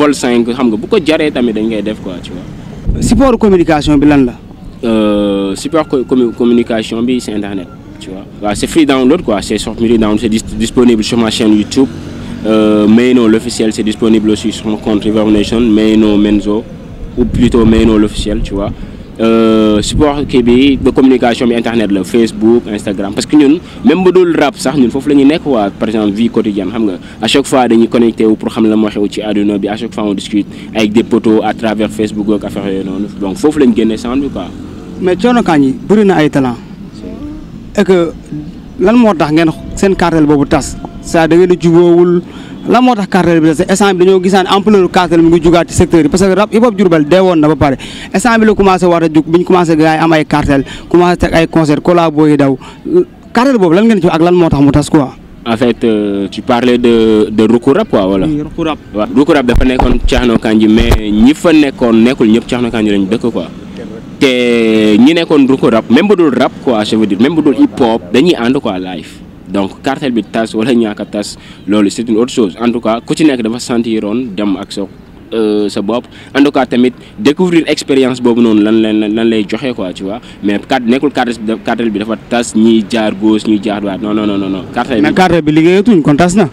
vol 5 xam nga bu ko jaree tamit dañu ngay def quoi tu vois. support communication bi lan la. Euh, support communication bi c'est internet tu vois waaw c'est free download quoi c'est sorti down c'est disponible sur ma chaîne YouTube euh, Mayno l'officiel c'est disponible aussi sur mon compte River Nation Mayno Menzo ou plutôt Mayno l'officiel tu vois. Euh, support kii bi de communication bi internet la Facebook Instagram parce que ñun même bu dul rap sax ñun foofu la ñuy nekk waa par exemple vie quotidienne xam nga à chaque fois dañuy connecté wu pour xam la moo xew ci àdduna bi à chaque fois on discute avec des potos à travers Facebook ak affaire noonu donc foofu lañ génnee sound bi quoi. mais Thiono Kandji bëri na ay talent. et que lan moo tax ngeen seen cartel boobu tas ça da ngeen a juboowul la moo tax cartel bi tas instant bi dañoo gisaan ampleur cartel mi ngi jugaat ci secteur yi parce que rap hip hop Diourbel dee woon na ba pare instant bi la commencé war a jug bi ñu commencé gars yi am ay cartel commencé teg ay concert collabo yi daw cartel boobu lan ngeen ci ak lan moo tax mu tas quoi. en fait euh, tu parlais de de Ruku Rap quoi wala. Oui, Ruku Rap waaw Ruku Rap dafa nekkoon Caxno Kanji mais ñi fa nekkoon nekkul ñëpp Caxno Kanji lañ dëkk quoi. te ñi nekkoon Ruku Rap même bu dul rap quoi je veux dire même bu dul ànd donc cartel bi tas wala ñaaka tas loolu c'est une autre chose en tout cas ku ci nekk dafa sentiroon dem ak sa euh, sa bopp en tout cas tamit découvrir expérience boobu noonu lan lan lan lay joxe quoi tu vois mais carte nekkul cartel bi dafa tas ñiy jaar gauche ñiy jaar droite non non non non. cartel bi mais cartel bi liggéeyatuñ kon tas na.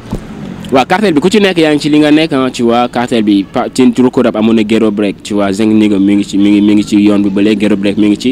waaw cartel bi ku ci nekk yaa ngi ci li nga nekk ah tu vois cartel bi pa ci ruku rab amoon na Gero Break tu vois Zeng Niga mi ngi ci mi ngi mi ngi ci yoon bi ba léegi Gero mi ngi ci.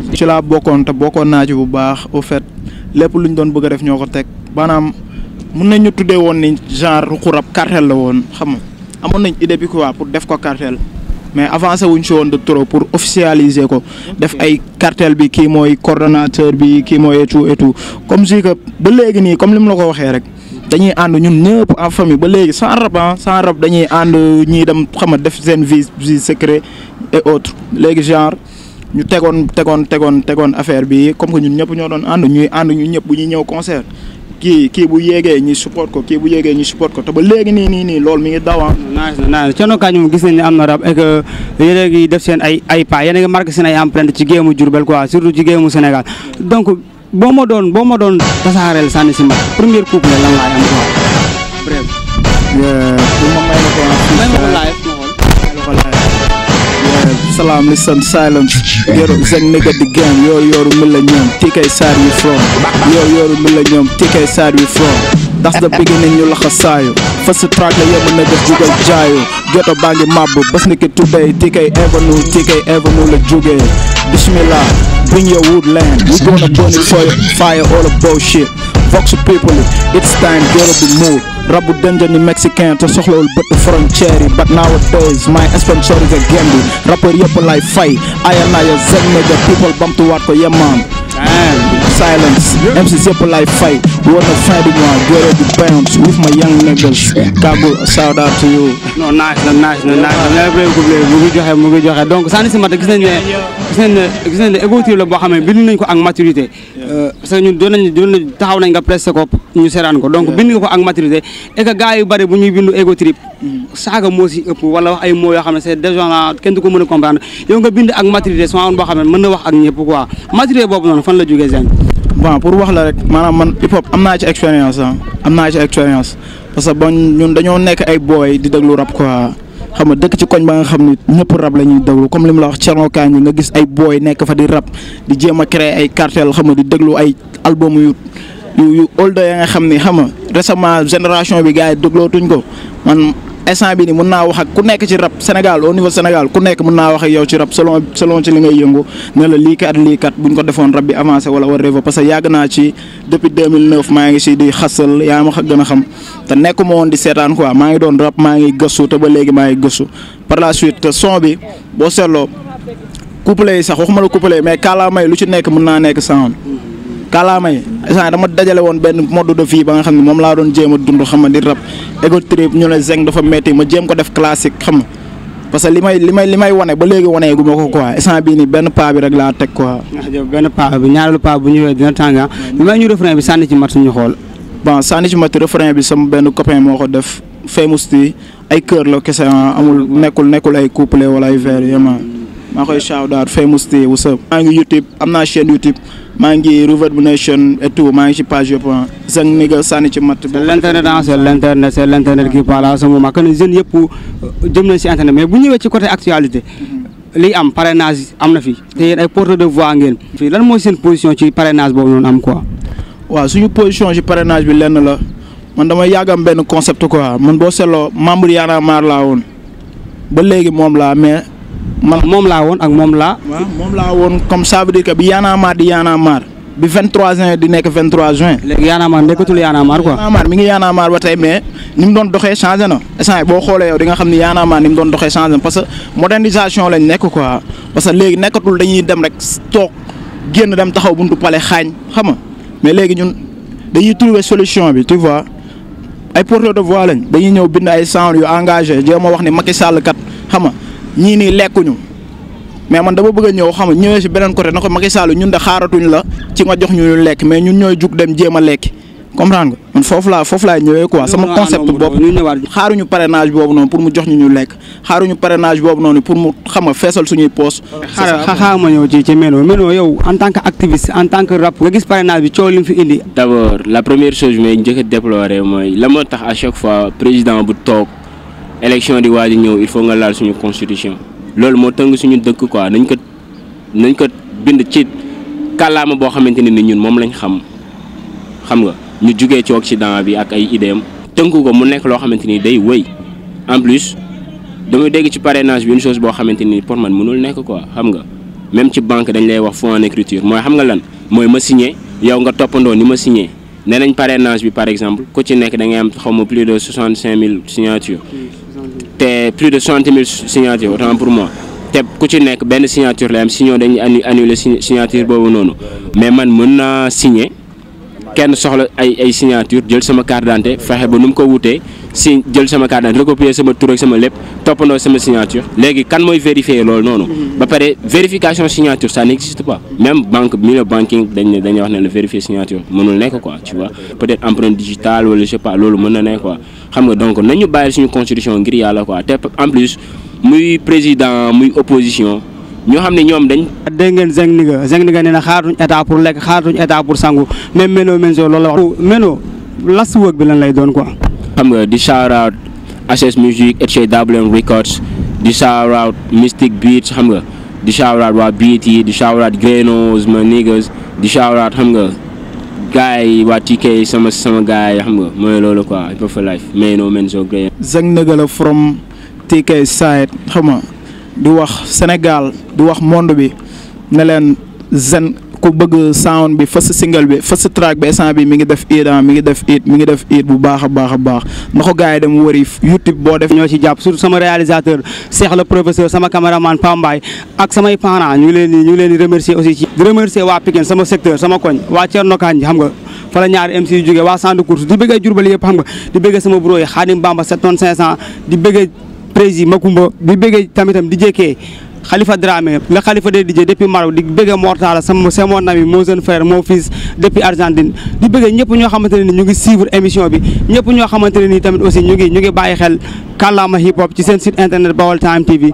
ci la bokkoon te bokkoon naa ci bu baax au fait lépp lu ñu doon bëgg a def ñoo ko teg maanaam mun nañ ñu tuddee woon ni genre ruqu rab cartel la woon xam nga amoon nañ idée bi quoi pour def ko cartel mais avancé wuñ si woon de trop pour officialiser ko def ay cartel bi kii mooy coordonnateur bi kii mooy et tout et tout comme si que ba léegi nii comme li mu la ko waxee rek dañuy ànd ñun ñëpp en famille ba léegi sans rab ah sans rab dañuy ànd ñii dem xam nga def seen vie vie secret et autres léegi genre. ñu tegoon tegoon tegoon tegoon affaire bi comme que ñun ñëpp ñoo doon ànd ñuy ànd ñun ñëpp bu ñuy ñëw concert kii kii bu yéegee ñi support ko kii bu yéegee ñu support ko te ba léegi nii nii nii loolu mi ngi daw ah. naaj na naaj Thierno Ka ñoom gis ne am na rab et que a ngi def seen ay ay pas yéen a ngi marqué seen ay empreinte ci géemu Diourbel quoi surtout ci géemu Sénégal donc boo ma doon boo ma doon tasaareel sànni si mbaa première couple am quoi euh, salaam listen silence yoru zeng nigga the game yoru yoru millennium TK side we from yoru yoru millennium TK side we from that's the beginning ñu laxa saayu first track la yema nigga jugal jaayu joto baa ngi màbb bés ni ki today TK Avenue TK la jógee bismillah bring your woodland we gonna burn it fire all the bullshit vox people yi it's time gero bi move rabu danja ni mexicain te soxlawul bët frontière yi but my sponsor is a game bi rappeur yëpp lay fay aya naa ya zen nigga people bamtuwaat ko yemam silence MCs yëpp laay fay woon na fin du mois gérer du bounce with my young niggas na naaj na joxe mu ngi joxe donc sànni si mat gis nañ ne gis nañ gis nañ ne évolutif la boo xam ne bind nañ ko ak maturité. Euh, parce que ñun doon nañ doon nañ taxaw nañ nga presse ko ñu seeraan ko donc bind nga ko a maturité et que gars yu bari bu ñuy bindu ego trip a moo si ëpp wala wax ay mots yoo xam ne c'est déjà kenn du ko mën a comprendre yow nga bind ak maturité soo amoon boo xam ne mën na wax ak ñëpp quoi maturité boobu noonu fan la jógee Zeng bon pour wax la rek maanaam man hip hop am naa ci expérience ah am naa ci expérience parce que bon ñun dañoo nekk ay booy di déglu rap quoi xam nga dëkk ci koñ ba nga xam ni ñëpp rap la ñuy déglu comme li mu la wax Thierno Kandji nga gis ay booy nekk fa di rab di jéem a créer ay cartel xam nga di déglu ay album yu yu yu ya nga xam ni xam nga récemment génération bi gars yi déglootuñ ko man. instant bi ni mën naa wax ak ku nekk ci rap Sénégal au niveau Sénégal ku nekk mën naa wax ak yow ci rap selon selon ci li ngay yëngu ne la lii kat lii kat buñ ko defoon rab bi avancé wala war révo parce que yàgg naa ci depuis 2009 maa ngi si di xasal yaa ma gën a xam te nekkuma woon di seetaan quoi maa ngi doon rab maa ngi gëstu te ba léegi maa ngi gëstu par la suite son bi boo seetloo couplé yi sax waxuma la couplé mais kàllaama yi lu ci nekk mën naa nekk sound kàllaama yi instant dama dajale woon benn mode de vie ba nga xam ne moom laa doon jéem a dund xam nga di rap ego trip ñu ne zeng dafa metti ma jéem ko def classique xam nga parce que li may li may li may wane ba léegi wanee gu ma ko quoi instant bii nii benn paa rek laa teg quoi. ndax benn paa bi ñaareelu paa bu ñëwee dina tànga ah. li may ñu refrain bi sànni ci mat suñu xool. bon sànni ci mat refrain bi sama benn copain moo ko def famous ti ay kër la kese ah, amul nekkul nekkul ay couple wala ay verre yéen koy shout out famous ti wu sëb. maa ngi YouTube am maa ngi Rouvette Nation et tout maa ngi ci page yëpp ah sën mi nga sànni ci mat. c'est l'internet ah l'internet c'est l'internet qui parle ce moment que jeunes yëpp euh, ci internet mais bu ñëwee ci côté actualité. Mm-hmm. li am parrainage am na fi te yéen ay porte de voix ngeen. fii lan mooy seen position ci parrainage boobu noonu am quoi. waaw suñu position ci parrainage bi lenn la man dama yàggam benn concept quoi man boo seetloo membre Y'en a marre laa woon ba léegi moom laa mais. man moom laa woon ak moom laa. waaw woon comme ça veut dire que bi yaanaamaar di yaanaamaar bi 23 juin di nekk 23 juin. léegi yaanaamaar nekkatul yaanaamaar quoi. yaanaamaar mi ngi yaanaamaar ba tey mais ni mu doon doxee changé na instant boo xoolee yow di nga xam ni yaanaamaar ni mu doon doxee changé na parce que modernisation lañ nekk quoi parce que léegi nekkatul dañuy dem rek toog génn dem taxaw buntu pale xaañ xam nga mais léegi ñun dañuy trouver solution bi tu vois ay de voix dañuy ñëw bind ay sens yu engagé jéem a wax ni Macky Sall kat xam nga ñii nii lekkuñu mais man dama bëgg a ñëw xam nga ñëwee si beneen côté na ko Macky ñun de xaaratuñ la ci nga jox ñu ñu lekk mais ñun ñooy jug dem jéem a lekk comprendre nga man foofu laa foofu laa ñëwee quoi sama concept bopp xaaruñu parrainage boobu noonu pour mu jox ñu lekk xaaruñu parrainage boobu noonu pour mu xam nga feesal suñuy poos xaaral ma ñëw ci ci Meno Meno yow en tant que activiste en tant que rap nga gis parrainage bi fi indi d'abord la première chose mais njëkk a mooy la moo tax à chaque fois président bu toog élection di waa a ñëw il faut nga laal suñu constitution loolu moo tëng suñu dëkk quoi nañ ko nañ ko bind ci kàllaama boo xamante ne ni ñun moom lañ xam xam nga ñu jugee ci Occident bi ak ay ideem tënk ko mu nekk loo xamante ni day wëy en plus damay dégg ci parrainage bi une chose boo xamante ni pour man mënul nekk quoi xam nga même ci banque dañ lay wax fonds en écriture mooy xam nga lan mooy ma signé yow nga toppandoo ni ma signé nee nañ parrainage bi par exemple ku ci nekk da ngay am xaw ma plus de 65000 signatures te plus de cent mille signatures autant pour moi te ku ci nekk benn signature la am sinon dañuy annuler signature boobu noonu mais man mën naa signer kenn soxla ay ay signature jël sama carte fexe ba nu mu ko wutee si jël sama carte d'identité recopier sama tur ak sama lépp toppandoo sama signature léegi kan mooy vérifier loolu noonu. Mhm. ba pare vérification signature ça n'existe pas. même banque milieu banking dañ dañuy wax ne la vérifier signature mënul nekk quoi tu vois peut-être empreinte digitale wala je pas loolu mën na nekk quoi xam nga donc nañu bàyyi suñu constitution ngir yàlla quoi te en plus muy président muy opposition. ñoo xam ne ñoom dañ. dégg ngeen Zeng Niga Zeng Niga nee na xaaratuñ état pour lekk xaaratuñ état pour sangu même Meno Menzo loolu la wax. Meno last work bi xam nga di shout out Access Music et chez di shout out Mystic xam nga di shout di shout out di shout xam nga gars waa TK sama sama gars yi xam nga mooy loolu quoi il faut que life Meno Menzo Grenos. la from TK side xam di wax Sénégal di wax monde bi ne zen ku bëgg sound bi first single bi first track bi instant bi mi ngi def hit mi ngi def hit mi ngi bu baax a baax a baax na ko gars yi dem wëri YouTube boo def ñoo ci jàpp surtout sama réalisateur Cheikh le professeur sama caméraman Pambaay ak samay parents ñu ngi leen ñu leen di remercier aussi ci di remercier waa Pikine sama secteur sama koñ waa Thierno Kandji xam nga fa la ñaari MC yu jógee waa Sande Course di bëggee Jurbel yëpp xam nga di bëggee sama président Makumba di bëggee tamitam di jekkee Khalifa Dramé la Khalifa de DJ depuis Maroc di bëgg Mortala sama c'est mon ami mon jeune frère mon fils depuis Argentine di bëgg ñëpp ñoo xamante ne ni ñu ngi suivre émission bi ñëpp ñoo xamante ne ni tamit aussi ñu ngi ñu ngi bàyyi xel kàllaama hip hop ci seen site internet Baol Time TV